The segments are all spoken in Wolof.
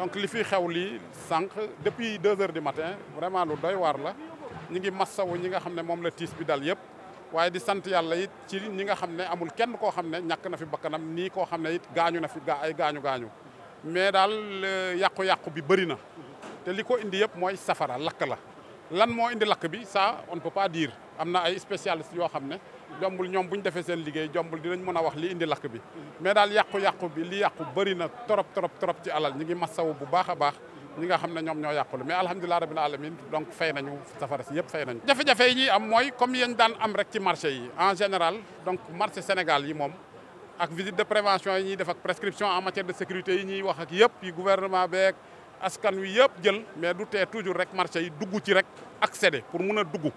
donc li fi xew lii sànq depuis deux heures du matin vraiment lu doy waar la ñi ngi massawu ñi nga xam ne moom la tiis bi dal yëpp waaye di sant yàlla it ci ñi nga xam ne amul kenn koo xam ne ñàkk na fi bakkanam nii koo xam ne it gaañu na fi gaa ay gaañu gaañu mais daal euh, yàqu-yàqu bi bëri na te li ko indi yëpp mooy safara lakk la lan moo indi lakk bi saa on ne diir am na ay spécialistes yoo xam ne jombul ñoom bu ñu defee seen liggéey jombul dinañ mën a wax li indi lakk bi mais daal yàqu-yàqu bi li yàqu bëri na trop trop trop ci alal ñi ngi wu bu baax a baax ñi nga xam ne ñoom ñoo yàqulu mais alhamdulilah rabbil alamin donc fay nañu safara si yëpp fay nañu jafe-jafe yi ñuy am mooy comme yéen daan am rek ci marché yi en général donc marché Sénégal yi moom ak visite de prévention yi ñuy def prescription en matière de sécurité yi ñuy wax ak yëpp yi gouvernement beeg askan wi yëpp jël mais du tee toujours rek marché yi dugg ci rek accéder pour mun a dugg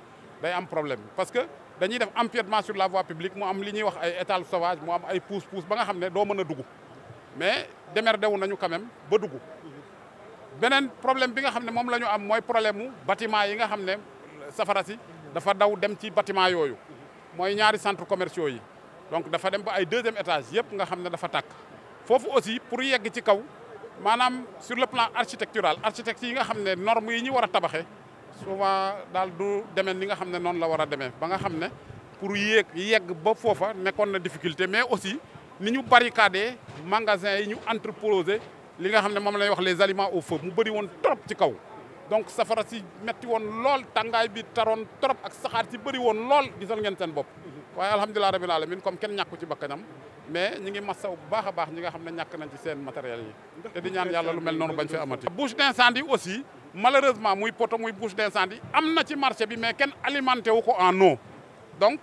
day am problème parce que dañuy def empiètement sur la voie publique mu am li ñuy wax ay étals sauvages mu am ay pousse pousse ba nga xam ne doo mën a dugg mais démerdé wu nañu quand ba dugg beneen problème bi nga xam ne moom la ñu am mooy problème mu bâtiment yi nga xam ne safara si dafa daw dem ci batiment yooyu mooy ñaari centres commerciaux yi donc dafa dem ba ay deuxième étage yëpp nga xam ne dafa tàkk foofu aussi pour yegg ci kaw maanaam sur le plan architectural architectes yi nga xam ne normes yi ñu war a tabaxee souvent daal du demee ni nga xam ne noonu la war a demee ba nga xam ne pour yéeg yegg ba foofa nekkoon na difficulté mais aussi ni ñu barricadé magasin yi ñu entreposé li nga xam ne moom lay wax les aliments au feu mu bëri woon trop ci kaw donc safara si metti woon lool tàngaay bi taroon trop ak saxaar si bëri woon lool gisoon ngeen seen bopp waaye alhamdulilah rabbil alamin comme kenn ñàkku ci bakkanam mais ñi ngi massaw bu baax a baax ñi nga xam ne ñàkk nañ seen matériel yi te lu mel noonu bañ fi amati bouche d'incendie malheureusement muy poto muy bouche d'incendie am na ci marché bi mais kenn alimenté wu ko en eau donc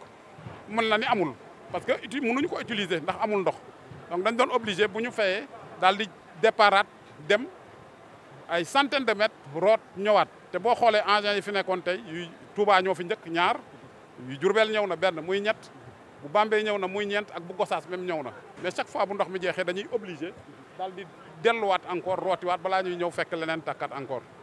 mën na ni amul parce que uti ñu ko utiliser ndax amul ndox donc dañ doon obligé bu ñu fayee daal di déparaat dem ay centaine de mètres root ñëwaat te boo xoolee engins yi fi nekkoon tey yu Touba ñoo fi njëkk ñaar yu Diourbel ñëw na benn muy ñett bu Bambey ñëw na muy ñeent ak bu Gossas même ñëw na mais chaque fois bu ndox mi jeexee dañuy obligé daal di delluwaat encore rootiwaat balaa ñuy ñëw fekk leneen takkat encore